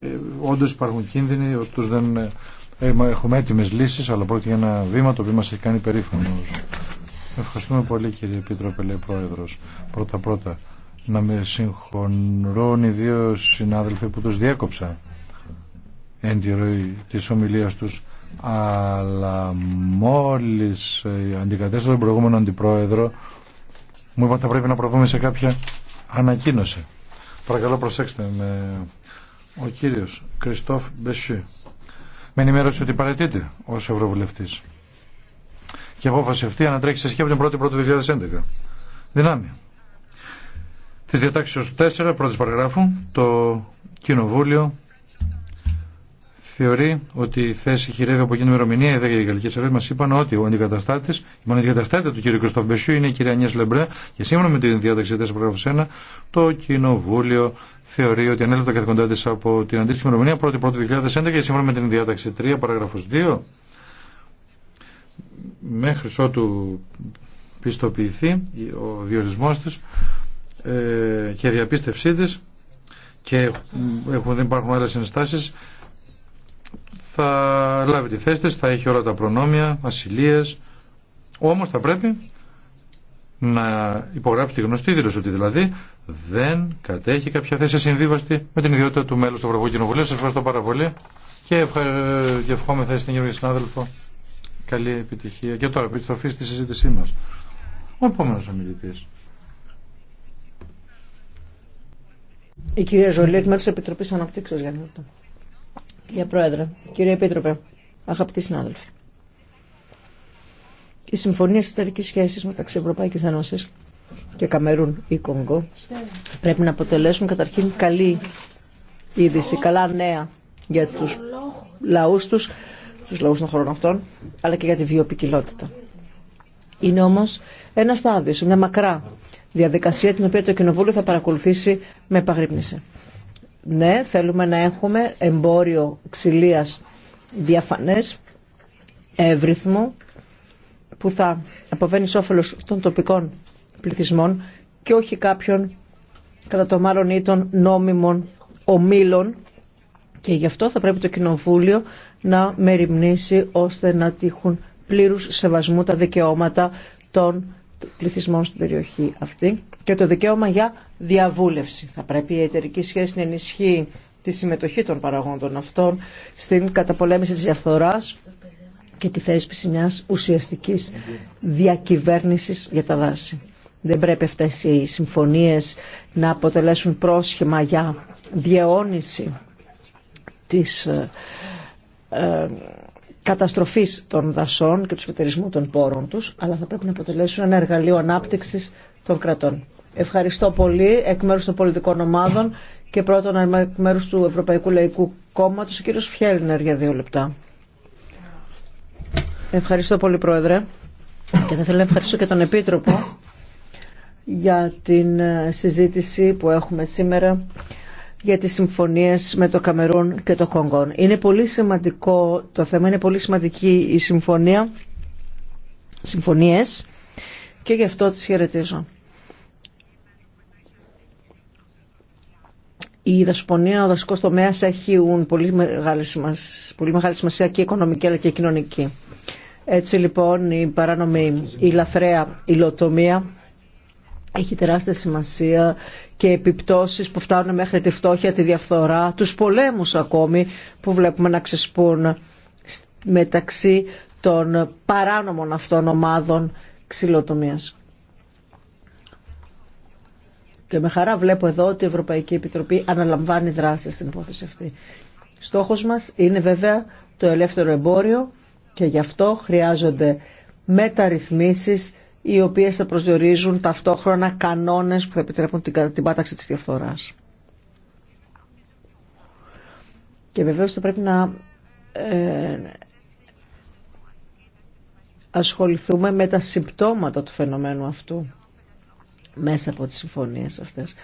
Ε, Όντω υπάρχουν κίνδυνοι, δεν ε, έχουμε έτοιμε λύσει, αλλά πρόκειται για ένα βήμα το οποίο μα έχει κάνει περήφανο. Ευχαριστούμε πολύ κύριε Επίτροπε, λέει Πρόεδρο. Πρώτα-πρώτα να με συγχωρούν οι δύο συνάδελφοι που τους διέκοψα εν τη ροή της ομιλίας τους αλλά μόλις ε, αντικατέστησα τον προηγούμενο αντιπρόεδρο μου είπαν θα πρέπει να προβούμε σε κάποια ανακοίνωση παρακαλώ προσέξτε με ο κύριος Κριστόφ Μπεσί με ενημέρωσε ότι παρετείται ως Ευρωβουλευτής και απόφαση αυτή ανατρέχει σε σχέση με την 1η Πρώτη 2011. Δυνάμει. Τη διατάξεω 4, πρώτη παραγράφου, το Κοινοβούλιο θεωρεί ότι η θέση χειρεύει από εκείνη ημερομηνία. Οι δέκα γαλλικέ αρχέ μα είπαν ότι ο αντικαταστάτη, η αντικαταστάτη του κ. Κριστόφ είναι η κυρία Νιέ Λεμπρέ και σύμφωνα με την διάταξη 4 παράγραφο 1, το Κοινοβούλιο θεωρεί ότι ανέλαβε τα καθηκοντά τη από την αντίστοιχη ημερομηνία 1η 1η 2011 και σύμφωνα με την διάταξη 3 παράγραφο 2, μέχρι ότου πιστοποιηθεί ο διορισμό τη ε, και διαπίστευσή τη και έχουν, δεν υπάρχουν άλλες ενστάσεις θα λάβει τη θέση της, θα έχει όλα τα προνόμια, ασυλίες, όμως θα πρέπει να υπογράψει τη γνωστή δήλωση ότι δηλαδή δεν κατέχει κάποια θέση συμβίβαστη με την ιδιότητα του μέλους του Ευρωπαϊκού Κοινοβουλίου. Σας ευχαριστώ πάρα πολύ και, ευχόμαι θέση στην Γεωργία συνάδελφο καλή επιτυχία. Και τώρα επιστροφή στη συζήτησή μας. Ο επόμενος ομιλητής. Η κυρία Ζολή, εκ μέρους της Επιτροπής Αναπτύξεως για να Κύριε Πρόεδρε, κύριε Επίτροπε, αγαπητοί συνάδελφοι. Οι συμφωνίε εταιρική σχέση μεταξύ Ευρωπαϊκή Ένωση και Καμερούν ή Κονγκό πρέπει να αποτελέσουν καταρχήν καλή είδηση, καλά νέα για τους λαούς τους, τους λαούς των χωρών αυτών, αλλά και για τη βιοπικιλότητα. Είναι όμως ένα στάδιο, μια μακρά διαδικασία την οποία το Κοινοβούλιο θα παρακολουθήσει με επαγρύπνηση ναι, θέλουμε να έχουμε εμπόριο ξυλίας διαφανές, εύρυθμο, που θα αποβαίνει σ' των τοπικών πληθυσμών και όχι κάποιων κατά το μάλλον ή των νόμιμων ομήλων και γι' αυτό θα πρέπει το Κοινοβούλιο να μεριμνήσει ώστε να τύχουν πλήρους σεβασμού τα δικαιώματα των πληθυσμών στην περιοχή αυτή και το δικαίωμα για διαβούλευση. Θα πρέπει η εταιρική σχέση να ενισχύει τη συμμετοχή των παραγόντων αυτών στην καταπολέμηση της διαφθοράς και τη θέσπιση μιας ουσιαστικής διακυβέρνησης για τα δάση. Δεν πρέπει αυτές οι συμφωνίες να αποτελέσουν πρόσχημα για διαιώνιση της ε, ε, καταστροφής των δασών και του σφετερισμού των πόρων τους, αλλά θα πρέπει να αποτελέσουν ένα εργαλείο ανάπτυξης των κρατών. Ευχαριστώ πολύ εκ μέρους των πολιτικών ομάδων και πρώτον εκ μέρους του Ευρωπαϊκού Λαϊκού Κόμματος, ο κύριος Φιέλνερ για δύο λεπτά. Ευχαριστώ πολύ Πρόεδρε και θα ήθελα να ευχαριστήσω και τον Επίτροπο για την ε, συζήτηση που έχουμε σήμερα για τις συμφωνίες με το Καμερούν και το Κονγκόν. Είναι πολύ σημαντικό το θέμα, είναι πολύ σημαντική η συμφωνία, συμφωνίες και γι' αυτό τις χαιρετίζω. Η δασπονία, ο δασικό τομέα έχει πολύ μεγάλη, σημασία, πολύ μεγάλη σημασία και οικονομική αλλά και κοινωνική. Έτσι λοιπόν η παράνομη, η λαθρέα υλοτομία έχει τεράστια σημασία και επιπτώσεις που φτάνουν μέχρι τη φτώχεια, τη διαφθορά, τους πολέμους ακόμη που βλέπουμε να ξεσπούν μεταξύ των παράνομων αυτών ομάδων ξυλοτομίας. Και με χαρά βλέπω εδώ ότι η Ευρωπαϊκή Επιτροπή αναλαμβάνει δράση στην υπόθεση αυτή. Στόχος μας είναι βέβαια το ελεύθερο εμπόριο και γι' αυτό χρειάζονται μεταρρυθμίσεις οι οποίες θα προσδιορίζουν ταυτόχρονα κανόνες που θα επιτρέπουν την, την πάταξη της διαφθοράς. Και βεβαίως θα πρέπει να ε, ασχοληθούμε με τα συμπτώματα του φαινομένου αυτού μέσα από τις συμφωνίες αυτές.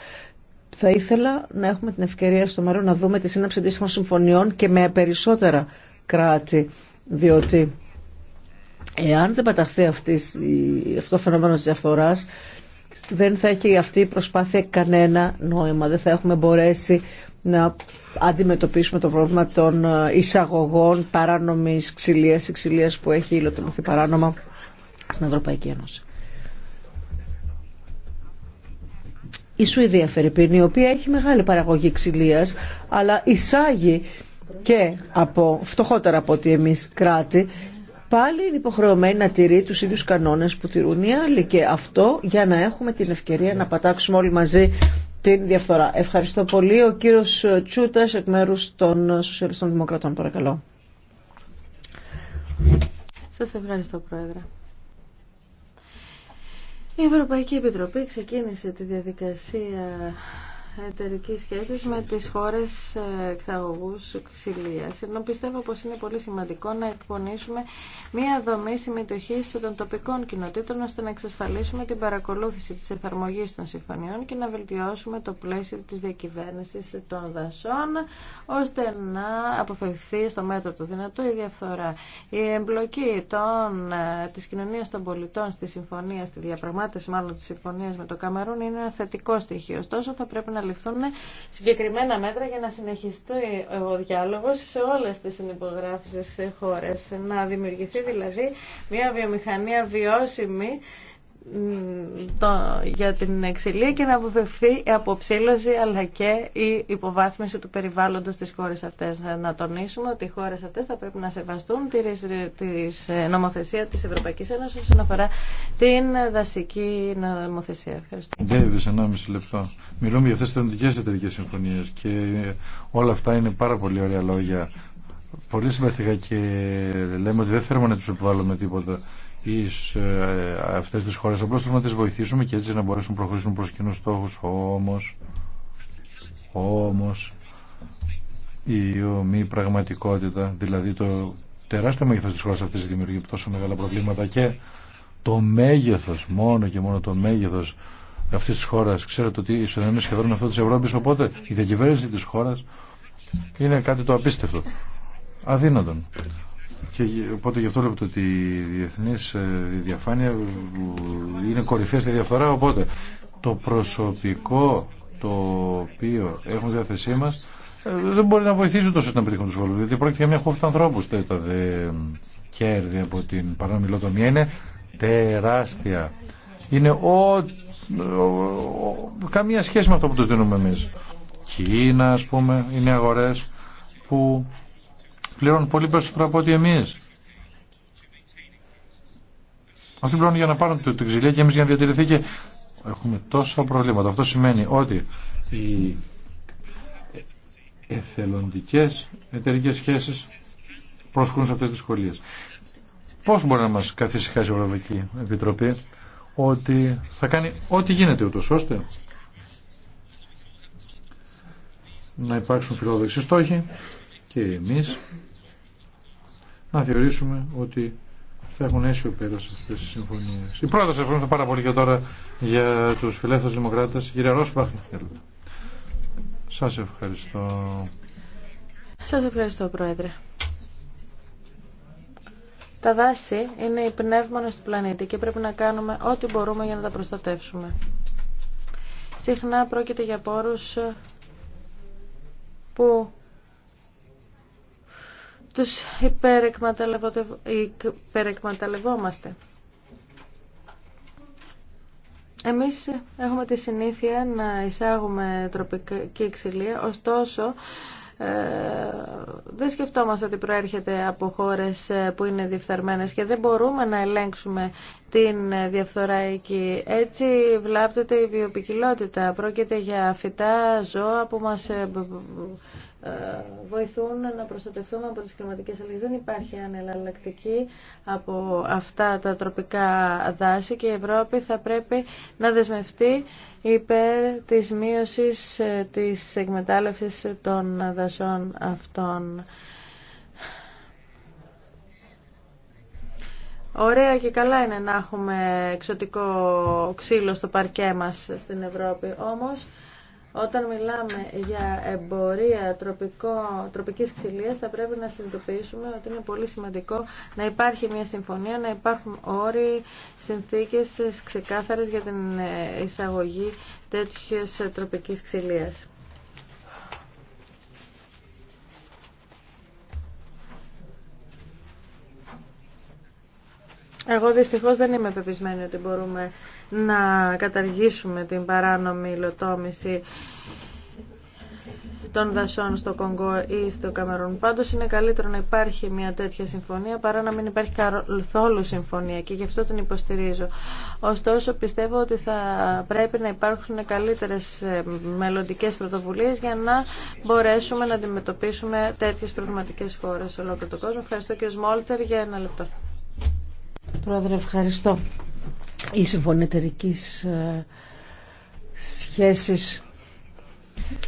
Θα ήθελα να έχουμε την ευκαιρία στο μέλλον να δούμε τη σύναψη αντίστοιχων συμφωνιών και με περισσότερα κράτη, διότι Εάν δεν παταχθεί αυτής, αυτό το φαινόμενο της διαφθοράς, δεν θα έχει αυτή η προσπάθεια κανένα νόημα. Δεν θα έχουμε μπορέσει να αντιμετωπίσουμε το πρόβλημα των ε, εισαγωγών παράνομης ξυλίας ή ξυλίας που έχει υλοτομηθεί παράνομα στην Ευρωπαϊκή Ένωση. Σουηδία Φερρυπίνη, η οποία έχει μεγάλη παραγωγή ξυλίας, αλλά εισάγει και από φτωχότερα από ότι εμείς κράτη πάλι είναι υποχρεωμένη να τηρεί τους ίδιους κανόνες που τηρούν οι άλλοι και αυτό για να έχουμε την ευκαιρία να πατάξουμε όλοι μαζί την διαφθορά. Ευχαριστώ πολύ. Ο κύριος Τσούτας εκ μέρους των Σοσιαλιστών Δημοκρατών. Παρακαλώ. Σας ευχαριστώ Πρόεδρε. Η Ευρωπαϊκή Επιτροπή ξεκίνησε τη διαδικασία εταιρική σχέση με τις χώρες εξαγωγούς ξυλίας. Ενώ πιστεύω πως είναι πολύ σημαντικό να εκπονήσουμε μία δομή συμμετοχή των τοπικών κοινοτήτων ώστε να εξασφαλίσουμε την παρακολούθηση της εφαρμογής των συμφωνιών και να βελτιώσουμε το πλαίσιο της διακυβέρνηση των δασών ώστε να αποφευθεί στο μέτρο του δυνατού η διαφθορά. Η εμπλοκή τη της κοινωνίας των πολιτών στη συμφωνία, στη διαπραγμάτευση μάλλον της συμφωνίας με το Καμερούν είναι ένα θετικό στοιχείο. Ωστόσο θα πρέπει να ληφθούν συγκεκριμένα μέτρα για να συνεχιστεί ο διάλογος σε όλες τις συνυπογράφησες χώρες. Να δημιουργηθεί δηλαδή μια βιομηχανία βιώσιμη το, για την εξηλία και να αποφευθεί η αποψήλωση αλλά και η υποβάθμιση του περιβάλλοντος στις χώρες αυτές. Να τονίσουμε ότι οι χώρες αυτές θα πρέπει να σεβαστούν τη, της ε, νομοθεσία της Ευρωπαϊκής Ένωσης όσον αφορά την δασική νομοθεσία. Ευχαριστώ. Ντέβις, λεπτό. Μιλούμε για αυτές τις τελευταίες εταιρικές συμφωνίες και όλα αυτά είναι πάρα πολύ ωραία λόγια. Πολύ συμπαθήκα και λέμε ότι δεν θέλουμε να τους επιβάλλουμε τίποτα τις, ε, αυτές τις χώρες. Απλώς θέλουμε να τις βοηθήσουμε και έτσι να μπορέσουν να προχωρήσουν προς κοινούς στόχους. Όμως, όμως η ομή πραγματικότητα, δηλαδή το τεράστιο μέγεθος της χώρας αυτής δημιουργεί τόσο μεγάλα προβλήματα και το μέγεθος, μόνο και μόνο το μέγεθος αυτή τη χώρα, ξέρετε ότι η είναι σχεδόν αυτό τη Ευρώπη, οπότε η διακυβέρνηση τη χώρα είναι κάτι το απίστευτο, αδύνατον. Και οπότε γι' αυτό λέμε ότι η διεθνή ε, διαφάνεια είναι κορυφαία στη διαφθορά. Οπότε το προσωπικό το οποίο έχουν στη διάθεσή μα ε, δεν μπορεί να βοηθήσει τόσο να πετύχουν του σχολείου. Γιατί πρόκειται για μια χούφτα ανθρώπου. Τα κέρδη από την παράνομη λοτομία είναι τεράστια. Είναι ο, καμία σχέση με αυτό που του δίνουμε εμεί. Κίνα, α πούμε, είναι αγορέ που πληρώνουν πολύ περισσότερο από ό,τι εμεί. Αυτοί πληρώνουν για να πάρουν το ξυλία και εμεί για να διατηρηθεί και έχουμε τόσα προβλήματα. Αυτό σημαίνει ότι οι εθελοντικές εταιρικέ σχέσεις προσκούν σε αυτές τις δυσκολίες. Πώς μπορεί να μας καθησυχάσει η Ευρωπαϊκή Επιτροπή ότι θα κάνει ό,τι γίνεται ούτω ώστε να υπάρξουν φιλόδοξοι στόχοι και εμείς να θεωρήσουμε ότι θα έχουν αίσιο πέρα σε αυτές τις συμφωνίες. Η πρόταση ευχαριστώ πάρα πολύ και τώρα για τους φιλεύθερους δημοκράτες. κύριε Ρόσπαχ. σας ευχαριστώ. Σας ευχαριστώ, Πρόεδρε. Τα δάση είναι η μας του πλανήτη και πρέπει να κάνουμε ό,τι μπορούμε για να τα προστατεύσουμε. Συχνά πρόκειται για πόρους που τους υπερεκμεταλλευόμαστε. Εμείς έχουμε τη συνήθεια να εισάγουμε τροπική ξυλία, ωστόσο ε, δεν σκεφτόμαστε ότι προέρχεται από χώρες ε, που είναι διεφθαρμένες και δεν μπορούμε να ελέγξουμε την ε, διαφθορά εκεί. Έτσι βλάπτεται η βιοπικιλότητα. Πρόκειται για φυτά, ζώα που μας βοηθούν να προστατευτούμε από τις κλιματικές αλλαγές. Δεν υπάρχει ανελαλλακτική από αυτά τα τροπικά δάση και η Ευρώπη θα πρέπει να δεσμευτεί υπέρ της μείωσης ε, της εκμετάλλευσης των δασών αυτών. Ωραία και καλά είναι να έχουμε εξωτικό ξύλο στο παρκέ μας στην Ευρώπη, όμως όταν μιλάμε για εμπορία τροπικό, τροπικής ξυλίας θα πρέπει να συνειδητοποιήσουμε ότι είναι πολύ σημαντικό να υπάρχει μια συμφωνία, να υπάρχουν όροι, συνθήκες ξεκάθαρες για την ε, εισαγωγή τέτοιες τροπικής ξυλίας. Εγώ δυστυχώ δεν είμαι πεπισμένη ότι μπορούμε να καταργήσουμε την παράνομη υλοτόμηση των δασών στο Κονγκό ή στο Καμερούν. Πάντω είναι καλύτερο να υπάρχει μια τέτοια συμφωνία παρά να μην υπάρχει καθόλου συμφωνία και γι' αυτό την υποστηρίζω. Ωστόσο, πιστεύω ότι θα πρέπει να υπάρχουν καλύτερε ε, μελλοντικέ πρωτοβουλίε για να μπορέσουμε να αντιμετωπίσουμε τέτοιε προβληματικέ χώρε σε ολόκληρο τον κόσμο. Ευχαριστώ και Σμόλτσερ για ένα λεπτό. Πρόεδρε, ευχαριστώ. Οι συμφωνητερικέ ε, σχέσεις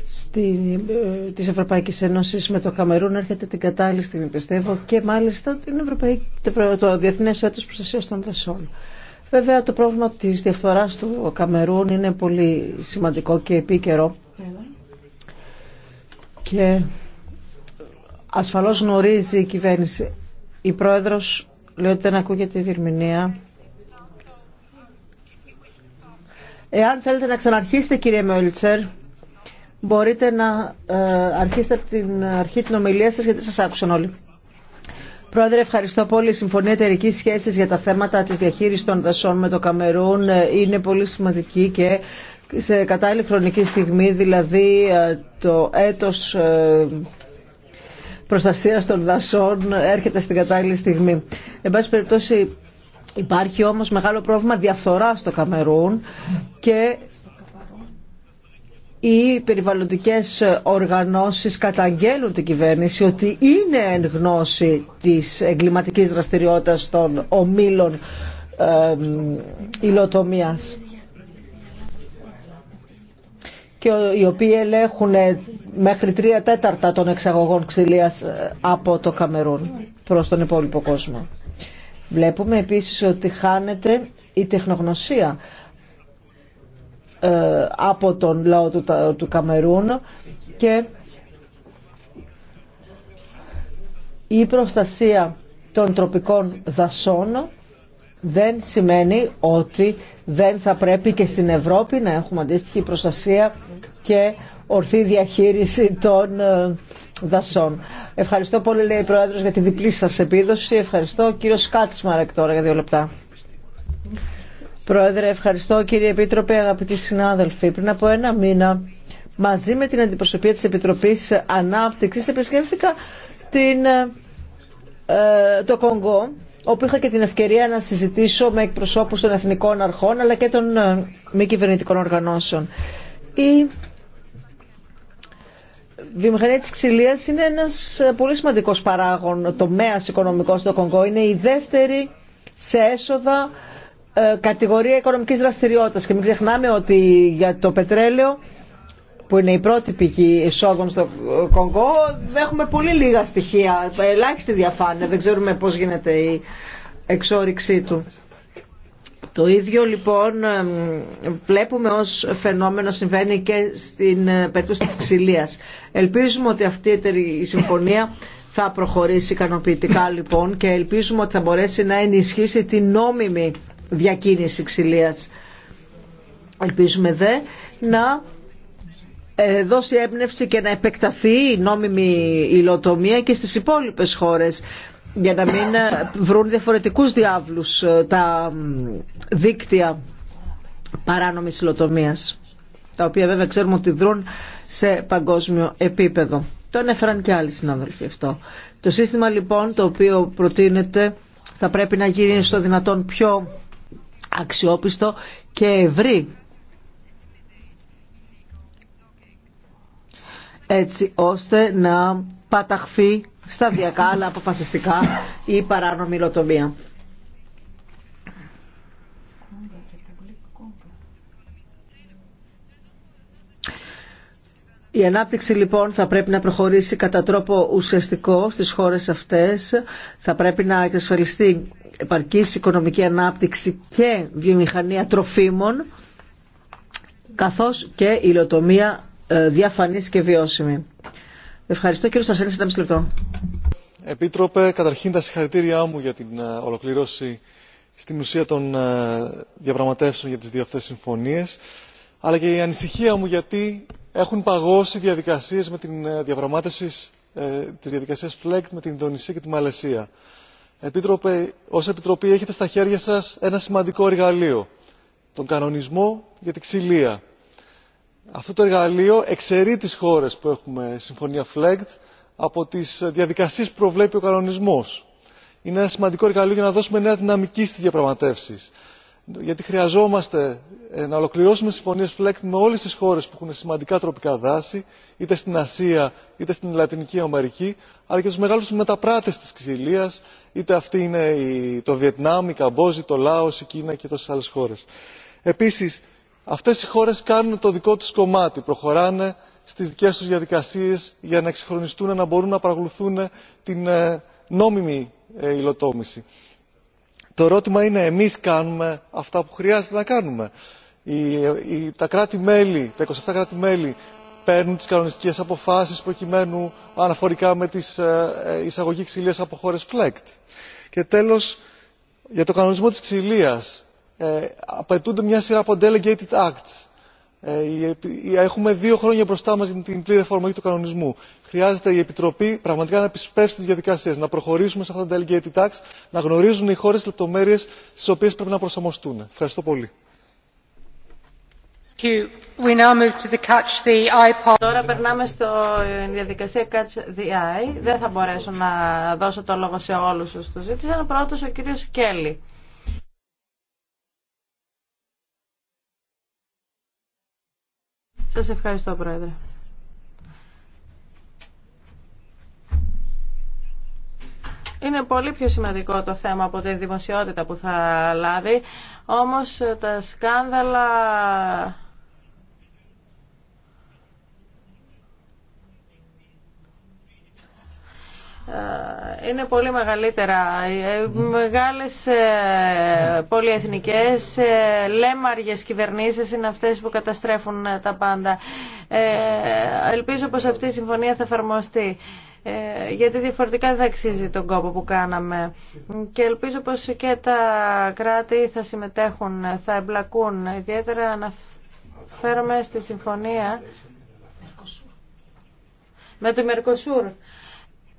τη στη, ε, της Ευρωπαϊκής Ένωσης με το Καμερούν έρχεται την κατάλληλη στιγμή πιστεύω και μάλιστα την Ευρωπαϊκή, το, Διεθνέ Διεθνές Έτος Προστασίας των Δασών. Βέβαια το πρόβλημα της διαφθορά του Καμερούν είναι πολύ σημαντικό και επίκαιρο και ασφαλώς γνωρίζει η κυβέρνηση. Η πρόεδρος Λέω ότι δεν ακούγεται η διερμηνία. Εάν θέλετε να ξαναρχίσετε κύριε Μιόλτσερ, μπορείτε να ε, αρχίσετε από την αρχή την ομιλία σας γιατί σας άκουσαν όλοι. Πρόεδρε, ευχαριστώ πολύ. Η Συμφωνία Εταιρική Σχέση για τα θέματα τη διαχείριση των δασών με το Καμερούν ε, είναι πολύ σημαντική και σε κατάλληλη χρονική στιγμή, δηλαδή ε, το έτος Προστασία των δασών έρχεται στην κατάλληλη στιγμή. Εν πάση περιπτώσει υπάρχει όμως μεγάλο πρόβλημα διαφθορά στο Καμερούν και οι περιβαλλοντικές οργανώσεις καταγγέλουν την κυβέρνηση ότι είναι εν γνώση της εγκληματικής δραστηριότητας των ομίλων ε, υλοτομίας και οι οποίοι ελέγχουν ε, μέχρι τρία τέταρτα των εξαγωγών ξυλίας ε, από το Καμερούν προς τον υπόλοιπο κόσμο. Βλέπουμε επίσης ότι χάνεται η τεχνογνωσία ε, από τον λαό του Καμερούν και η προστασία των τροπικών δασών δεν σημαίνει ότι δεν θα πρέπει και στην Ευρώπη να έχουμε αντίστοιχη προστασία και ορθή διαχείριση των ε, δασών. Ευχαριστώ πολύ, λέει η Πρόεδρος, για τη διπλή σας επίδοση. Ευχαριστώ. Κύριο Σκάτσμαρεκ τώρα για δύο λεπτά. Πρόεδρε, ευχαριστώ κύριε Επίτροπε, αγαπητοί συνάδελφοι. Πριν από ένα μήνα, μαζί με την αντιπροσωπεία της Επιτροπής Ανάπτυξης, επισκέφθηκα την ε, ε, το Κονγκό, όπου είχα και την ευκαιρία να συζητήσω με εκπροσώπους των εθνικών αρχών αλλά και των ε, μη κυβερνητικών οργανώσεων. Η βιομηχανία της ξυλίας είναι ένας ε, πολύ σημαντικός παράγων τομέας οικονομικός στο Κονγκό. Είναι η δεύτερη σε έσοδα κατηγορία οικονομικής δραστηριότητας και μην ξεχνάμε ότι για το πετρέλαιο που είναι η πρώτη πηγή εισόδων στο Κονγκό, έχουμε πολύ λίγα στοιχεία, ελάχιστη διαφάνεια, δεν ξέρουμε πώς γίνεται η εξόριξή του. Το ίδιο λοιπόν βλέπουμε ως φαινόμενο συμβαίνει και στην ε, περίπτωση της ξυλίας. Ελπίζουμε ότι αυτή η συμφωνία θα προχωρήσει ικανοποιητικά λοιπόν και ελπίζουμε ότι θα μπορέσει να ενισχύσει την νόμιμη διακίνηση ξυλίας. Ελπίζουμε δε να ε, δώσει έμπνευση και να επεκταθεί η νόμιμη υλοτομία και στις υπόλοιπες χώρες για να μην ε, βρουν διαφορετικούς διάβλους ε, τα δίκτυα παράνομης υλοτομίας τα οποία βέβαια ξέρουμε ότι δρούν σε παγκόσμιο επίπεδο. Το ανέφεραν και άλλοι συνάδελφοι αυτό. Το σύστημα λοιπόν το οποίο προτείνεται θα πρέπει να γίνει στο δυνατόν πιο αξιόπιστο και ευρύ έτσι ώστε να παταχθεί σταδιακά αλλά αποφασιστικά η παράνομη υλοτομία. Η ανάπτυξη λοιπόν θα πρέπει να προχωρήσει κατά τρόπο ουσιαστικό στις χώρες αυτές. Θα πρέπει να εξασφαλιστεί επαρκής οικονομική ανάπτυξη και βιομηχανία τροφίμων καθώς και υλοτομία ε, διαφανής και βιώσιμη. Ευχαριστώ κύριο Στασέλη, ένα μισή λεπτό. Επίτροπε, καταρχήν τα συγχαρητήριά μου για την ε, ολοκληρώση στην ουσία των ε, διαπραγματεύσεων για τις δύο αυτές συμφωνίες, αλλά και η ανησυχία μου γιατί έχουν παγώσει διαδικασίες με την διαπραγμάτευση τη της διαδικασίας με την Ινδονησία και τη Μαλαισία. Επίτροπε, ως Επιτροπή έχετε στα χέρια σας ένα σημαντικό εργαλείο, τον κανονισμό για τη ξυλία αυτό το εργαλείο εξαιρεί τις χώρες που έχουμε συμφωνία flegt από τις διαδικασίες που προβλέπει ο κανονισμός. είναι ένα σημαντικό εργαλείο για να δώσουμε νέα δυναμική στις διαπραγματεύσεις γιατί χρειαζόμαστε ε, να ολοκληρώσουμε συμφωνίες flegt με όλες τις χώρες που έχουν σημαντικά τροπικά δάση είτε στην ασία είτε στην λατινική αμερική αλλά και του μεγάλους μεταπράτες της ξυλίας είτε αυτή είναι το βιετνάμ η Καμπόζη, το Λάο, η κίνα και τόσε άλλε χώρες. επίσης αυτές οι χώρες κάνουν το δικό τους κομμάτι προχωράνε στις δικές τους διαδικασίες για να εξυγχρονιστούν να μπορούν να παρακολουθούν ε, την ε, νόμιμη ε, υλοτόμηση. το ερώτημα είναι εμείς κάνουμε αυτά που χρειάζεται να κάνουμε. τα κράτη μέλη τα 27 κράτη μέλη παίρνουν τις κανονιστικές αποφάσεις προκειμένου αναφορικά με τις εισαγωγή ξυλίας από χώρες ΦΛΕΚΤ. και τέλος για το κανονισμό της ξυλίας ε, απαιτούνται μια σειρά από delegated acts. Ε, έχουμε δύο χρόνια μπροστά μα για την πλήρη εφαρμογή του κανονισμού. Χρειάζεται η Επιτροπή πραγματικά να επισπεύσει τι διαδικασίε, να προχωρήσουμε σε αυτά τα delegated acts, να γνωρίζουν οι χώρε τι λεπτομέρειε στι οποίε πρέπει να προσαρμοστούν. Ευχαριστώ πολύ. Τώρα περνάμε στο ε, διαδικασία Catch the Eye. Δεν θα μπορέσω να δώσω το λόγο σε όλους όσους το ζήτησαν. Πρώτος ο κύριος Κέλλη. Σας ευχαριστώ, Πρόεδρε. Είναι πολύ πιο σημαντικό το θέμα από τη δημοσιότητα που θα λάβει, όμως τα σκάνδαλα Ε, είναι πολύ μεγαλύτερα. Ε, μεγάλες ε, πολυεθνικές, λέμαργες κυβερνήσεις είναι αυτές που καταστρέφουν τα πάντα. Ελπίζω πως αυτή η συμφωνία θα εφαρμοστεί γιατί διαφορετικά δεν θα αξίζει τον κόπο που κάναμε. Και ελπίζω πως και τα κράτη θα συμμετέχουν, θα εμπλακούν. Ιδιαίτερα φέρουμε στη συμφωνία με το Μερκοσούρ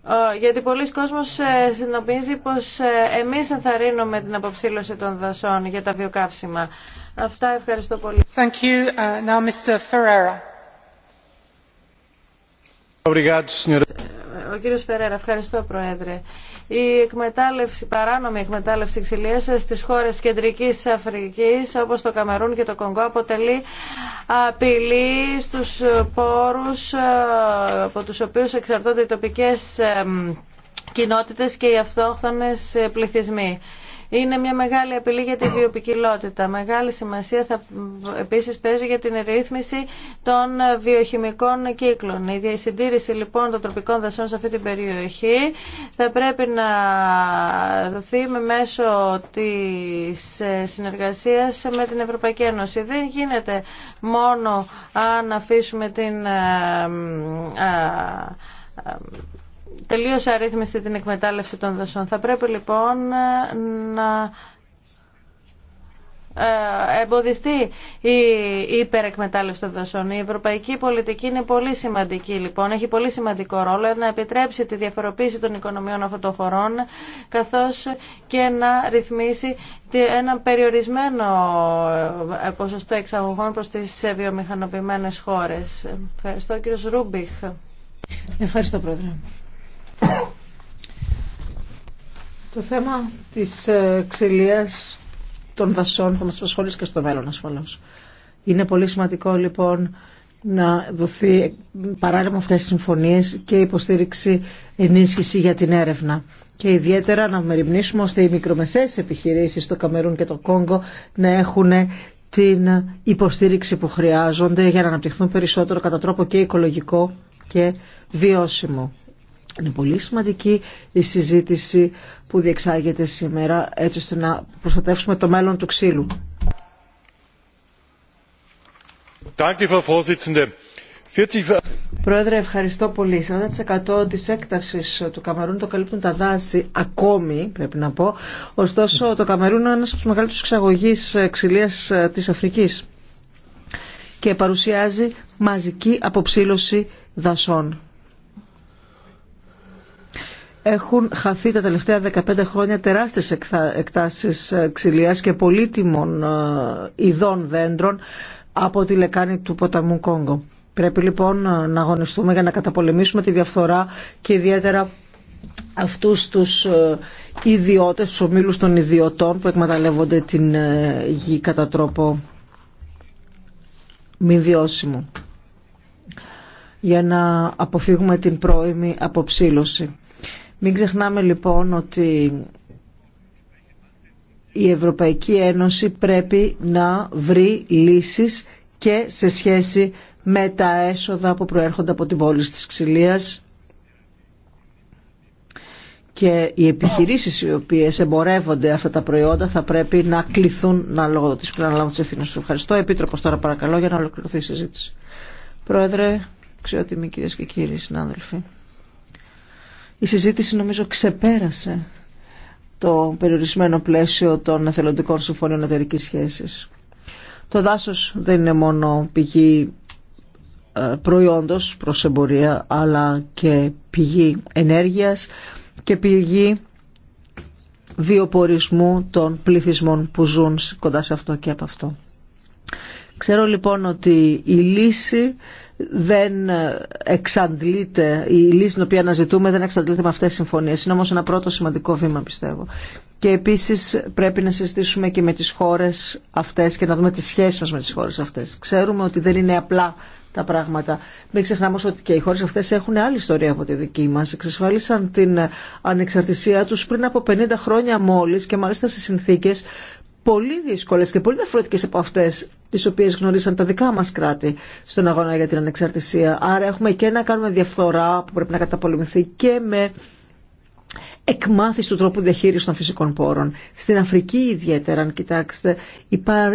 ε, γιατί πολλοί κόσμος ε, συνομίζει πως ε, εμείς ενθαρρύνουμε την αποψήλωση των δασών για τα βιοκαύσιμα. Αυτά ευχαριστώ πολύ. Ο κύριος Φερέρα, ευχαριστώ Πρόεδρε. Η εκμετάλλευση, παράνομη εκμετάλλευση ξυλίας στις χώρες κεντρικής Αφρικής όπως το Καμερούν και το Κονγκό αποτελεί απειλή στους πόρους ε, από τους οποίους εξαρτώνται οι τοπικές ε, κοινότητες και οι αυτόχθονες ε, πληθυσμοί είναι μια μεγάλη απειλή για τη βιοπικιλότητα. Μεγάλη σημασία θα επίσης παίζει για την ρύθμιση των βιοχημικών κύκλων. Η διασυντήρηση λοιπόν των τροπικών δασών σε αυτή την περιοχή θα πρέπει να δοθεί με μέσω τη ε, συνεργασία με την Ευρωπαϊκή Ένωση. Δεν γίνεται μόνο αν αφήσουμε την ε, ε, Τελείωσε αρρύθμιση την εκμετάλλευση των δασών. Θα πρέπει λοιπόν να ε, εμποδιστεί η υπερεκμετάλλευση των δασών. Η ευρωπαϊκή πολιτική είναι πολύ σημαντική λοιπόν, έχει πολύ σημαντικό ρόλο να επιτρέψει τη διαφοροποίηση των οικονομιών αυτών των χωρών καθώς και να ρυθμίσει ένα περιορισμένο ε, ποσοστό εξαγωγών προς τις βιομηχανοποιημένες χώρες. Ευχαριστώ κύριος Ρούμπιχ. Ευχαριστώ πρόεδρε. Το θέμα της ε, ξυλίας των δασών θα μας απασχολήσει και στο μέλλον ασφαλώς. Είναι πολύ σημαντικό λοιπόν να δοθεί παράλληλα αυτές τις συμφωνίες και υποστήριξη ενίσχυση για την έρευνα. Και ιδιαίτερα να μεριμνήσουμε ώστε οι μικρομεσαίες επιχειρήσεις στο Καμερούν και το Κόγκο να έχουν την υποστήριξη που χρειάζονται για να αναπτυχθούν περισσότερο κατά τρόπο και οικολογικό και βιώσιμο. Είναι πολύ σημαντική η συζήτηση που διεξάγεται σήμερα έτσι ώστε να προστατεύσουμε το μέλλον του ξύλου. Πρόεδρε, ευχαριστώ πολύ. 40% της έκτασης του Καμερούν το καλύπτουν τα δάση ακόμη, πρέπει να πω. Ωστόσο, το Καμερούν είναι ένας από τους μεγαλύτερους εξαγωγείς ξυλίας ε, της Αφρικής και παρουσιάζει μαζική αποψήλωση δασών έχουν χαθεί τα τελευταία 15 χρόνια τεράστιες εκτάσεις ε, ξυλίας και πολύτιμων ε, ειδών δέντρων από τη λεκάνη του ποταμού Κόγκο. Πρέπει λοιπόν ε, να αγωνιστούμε για να καταπολεμήσουμε τη διαφθορά και ιδιαίτερα αυτούς τους ιδιώτες, τους ομίλους των ιδιωτών που εκμεταλλεύονται την γη κατά τρόπο μη βιώσιμο για να αποφύγουμε την πρώιμη αποψήλωση. Μην ξεχνάμε λοιπόν ότι η Ευρωπαϊκή Ένωση πρέπει να βρει λύσεις και σε σχέση με τα έσοδα που προέρχονται από την πόλη της Ξυλίας και οι επιχειρήσεις οι οποίες εμπορεύονται αυτά τα προϊόντα θα πρέπει να κληθούν να λογοδοτήσουν να λάβουν τις ευθύνες Ευχαριστώ. Επίτροπος τώρα παρακαλώ για να ολοκληρωθεί η συζήτηση. Πρόεδρε, αξιότιμοι κυρίες και κύριοι συνάδελφοι. Η συζήτηση νομίζω ξεπέρασε το περιορισμένο πλαίσιο των εθελοντικών συμφωνίων εταιρικής σχέσης. Το δάσος δεν είναι μόνο πηγή ε, προϊόντος προς εμπορία, αλλά και πηγή ενέργειας και πηγή βιοπορισμού των πληθυσμών που ζουν κοντά σε αυτό και από αυτό. Ξέρω λοιπόν ότι η λύση δεν εξαντλείται, η λύση την οποία αναζητούμε δεν εξαντλείται με αυτές τις συμφωνίες. Είναι όμως ένα πρώτο σημαντικό βήμα πιστεύω. Και επίσης πρέπει να συζητήσουμε και με τις χώρες αυτές και να δούμε τις σχέσεις μας με τις χώρες αυτές. Ξέρουμε ότι δεν είναι απλά τα πράγματα. Μην ξεχνάμε ότι και οι χώρε αυτές έχουν άλλη ιστορία από τη δική μα. Εξασφάλισαν την ανεξαρτησία τους πριν από 50 χρόνια μόλις και μάλιστα σε συνθήκες πολύ δύσκολες και πολύ διαφορετικέ από αυτέ τις οποίες γνωρίσαν τα δικά μας κράτη στον αγώνα για την ανεξαρτησία. Άρα έχουμε και να κάνουμε διαφθορά που πρέπει να καταπολεμηθεί και με εκμάθηση του τρόπου διαχείρισης των φυσικών πόρων. Στην Αφρική ιδιαίτερα, αν κοιτάξτε,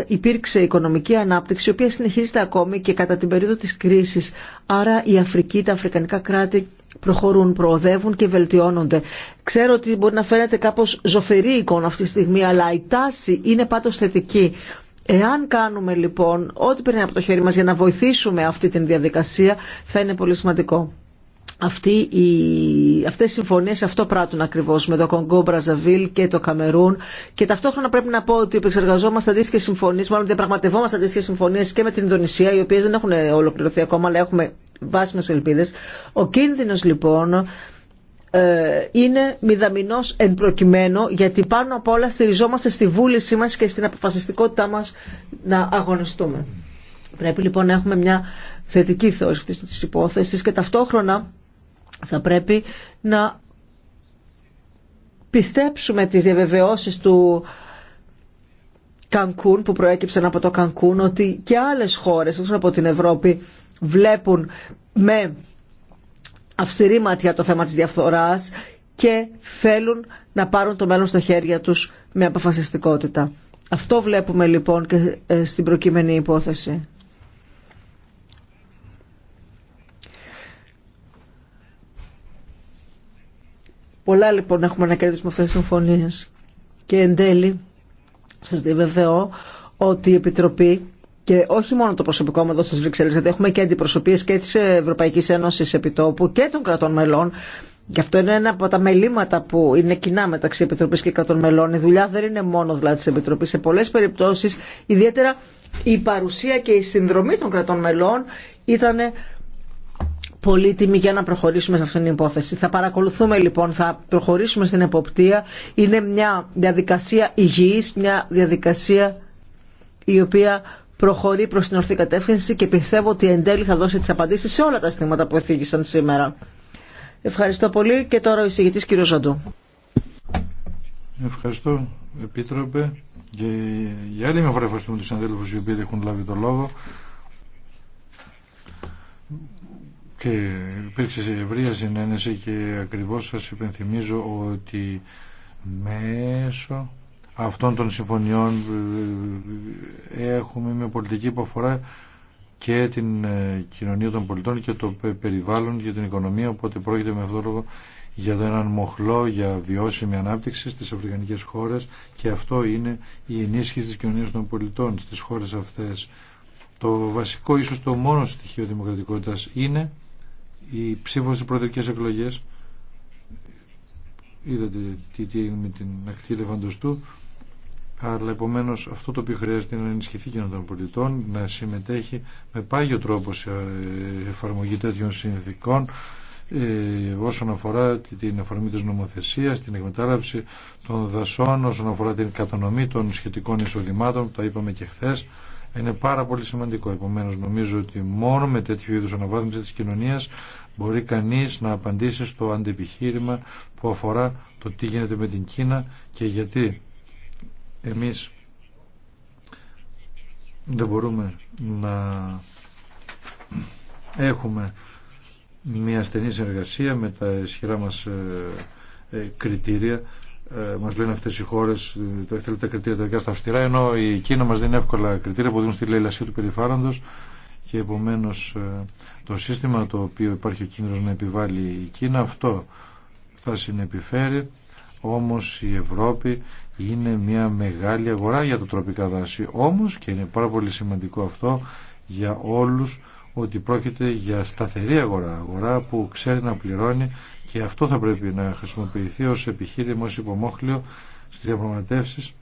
υπήρξε οικονομική ανάπτυξη, η οποία συνεχίζεται ακόμη και κατά την περίοδο της κρίσης. Άρα η Αφρική, τα αφρικανικά κράτη προχωρούν, προοδεύουν και βελτιώνονται. Ξέρω ότι μπορεί να φέρετε κάπως ζωφερή εικόνα αυτή τη στιγμή, αλλά η τάση είναι πάντως θετική. Εάν κάνουμε λοιπόν ό,τι περνάει από το χέρι μας για να βοηθήσουμε αυτή την διαδικασία θα είναι πολύ σημαντικό. Αυτή οι, αυτές οι συμφωνίες αυτό πράττουν ακριβώς με το Κονγκό, Μπραζαβίλ και το Καμερούν και ταυτόχρονα πρέπει να πω ότι επεξεργαζόμαστε αντίστοιχε συμφωνίες, μάλλον διαπραγματευόμαστε αντίστοιχε συμφωνίες και με την Ινδονησία οι οποίες δεν έχουν ολοκληρωθεί ακόμα αλλά έχουμε βάσιμες ελπίδες. Ο κίνδυνος λοιπόν ε, είναι μηδαμινός εν προκειμένο γιατί πάνω απ' όλα στηριζόμαστε στη βούλησή μας και στην αποφασιστικότητά μας να αγωνιστούμε. Πρέπει λοιπόν να έχουμε μια θετική θεώρηση αυτής της υπόθεσης και ταυτόχρονα θα πρέπει να πιστέψουμε τις διαβεβαιώσεις του Κανκούν που προέκυψαν από το Κανκούν ότι και άλλες χώρες όσο από την Ευρώπη βλέπουν με αυστηρή ματιά το θέμα της διαφθοράς και θέλουν να πάρουν το μέλλον στα χέρια τους με αποφασιστικότητα. Αυτό βλέπουμε λοιπόν και ε, στην προκείμενη υπόθεση. Πολλά λοιπόν έχουμε να κερδίσουμε αυτές τις συμφωνίες. Και εν τέλει σας διαβεβαιώ ότι η Επιτροπή και όχι μόνο το προσωπικό μου εδώ στις Βρυξέλλες, γιατί έχουμε και αντιπροσωπείε και τη Ευρωπαϊκής Ένωσης επιτόπου και των κρατών μελών. Γι' αυτό είναι ένα από τα μελήματα που είναι κοινά μεταξύ Επιτροπή και κρατών μελών. Η δουλειά δεν είναι μόνο δηλαδή τη Επιτροπή. Σε πολλέ περιπτώσει, ιδιαίτερα η παρουσία και η συνδρομή των κρατών μελών ήταν πολύτιμη για να προχωρήσουμε σε αυτήν την υπόθεση. Θα παρακολουθούμε λοιπόν, θα προχωρήσουμε στην εποπτεία. Είναι μια διαδικασία υγιής, μια διαδικασία η οποία προχωρεί προς την ορθή κατεύθυνση και πιστεύω ότι εν τέλει θα δώσει τις απαντήσεις σε όλα τα στήματα που εθίγησαν σήμερα. Ευχαριστώ πολύ και τώρα ο εισηγητής κύριο Ζαντού. Ευχαριστώ Επίτροπε και για άλλη μια φορά ευχαριστούμε τους συναδέλφους οι οποίοι έχουν λάβει το λόγο και υπήρξε σε ευρεία συνένεση και ακριβώς σας υπενθυμίζω ότι μέσω αυτών των συμφωνιών ε, έχουμε μια πολιτική υποφορά και την ε, κοινωνία των πολιτών και το περιβάλλον και την οικονομία οπότε πρόκειται με αυτόν τον λόγο για έναν μοχλό για βιώσιμη ανάπτυξη στις αφρικανικές χώρες και αυτό είναι η ενίσχυση της κοινωνίας των πολιτών στις χώρες αυτές. Το βασικό ίσως το μόνο στοιχείο δημοκρατικότητας είναι η ψήφος στις προεδρικές εκλογές είδατε τι έγινε με την ακτή Λεβαντοστού αλλά επομένω αυτό το οποίο χρειάζεται είναι να ενισχυθεί η των πολιτών, να συμμετέχει με πάγιο τρόπο σε ε, εφαρμογή τέτοιων συνθήκων ε, όσον αφορά την εφαρμογή της νομοθεσίας, την εκμετάλλευση των δασών, όσον αφορά την κατανομή των σχετικών εισοδημάτων, που τα είπαμε και χθε. Είναι πάρα πολύ σημαντικό. Επομένω, νομίζω ότι μόνο με τέτοιου είδου αναβάθμιση τη κοινωνία μπορεί κανεί να απαντήσει στο αντεπιχείρημα που αφορά το τι γίνεται με την Κίνα και γιατί εμείς δεν μπορούμε να έχουμε μια στενή συνεργασία με τα ισχυρά μας ε, ε, κριτήρια ε, μας λένε αυτές οι χώρες το θέλουν τα κριτήρια τελικά στα αυστηρά ενώ η Κίνα μας δίνει εύκολα κριτήρια που δίνουν στη λαϊλασία του περιφάροντος και επομένως το σύστημα το οποίο υπάρχει ο κίνδυνος να επιβάλλει η Κίνα αυτό θα συνεπιφέρει όμως η Ευρώπη είναι μια μεγάλη αγορά για το τροπικά δάση. Όμως και είναι πάρα πολύ σημαντικό αυτό για όλους ότι πρόκειται για σταθερή αγορά, αγορά που ξέρει να πληρώνει και αυτό θα πρέπει να χρησιμοποιηθεί ως επιχείρημα, ως υπομόχλιο στις διαπραγματεύσεις.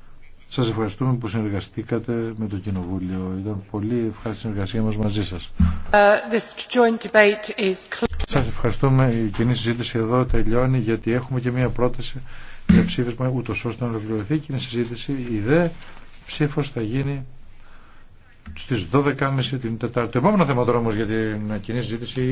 Σας ευχαριστούμε που συνεργαστήκατε με το Κοινοβούλιο. Ήταν πολύ ευχάριστη συνεργασία μας μαζί σας. Uh, Σας ευχαριστούμε. Η κοινή συζήτηση εδώ τελειώνει γιατί έχουμε και μια πρόταση για ψήφισμα ούτω ώστε να ολοκληρωθεί και είναι συζήτηση. Η δε ψήφο θα γίνει στι 12.30 την Τετάρτη. Το επόμενο θέμα τώρα όμω για την κοινή συζήτηση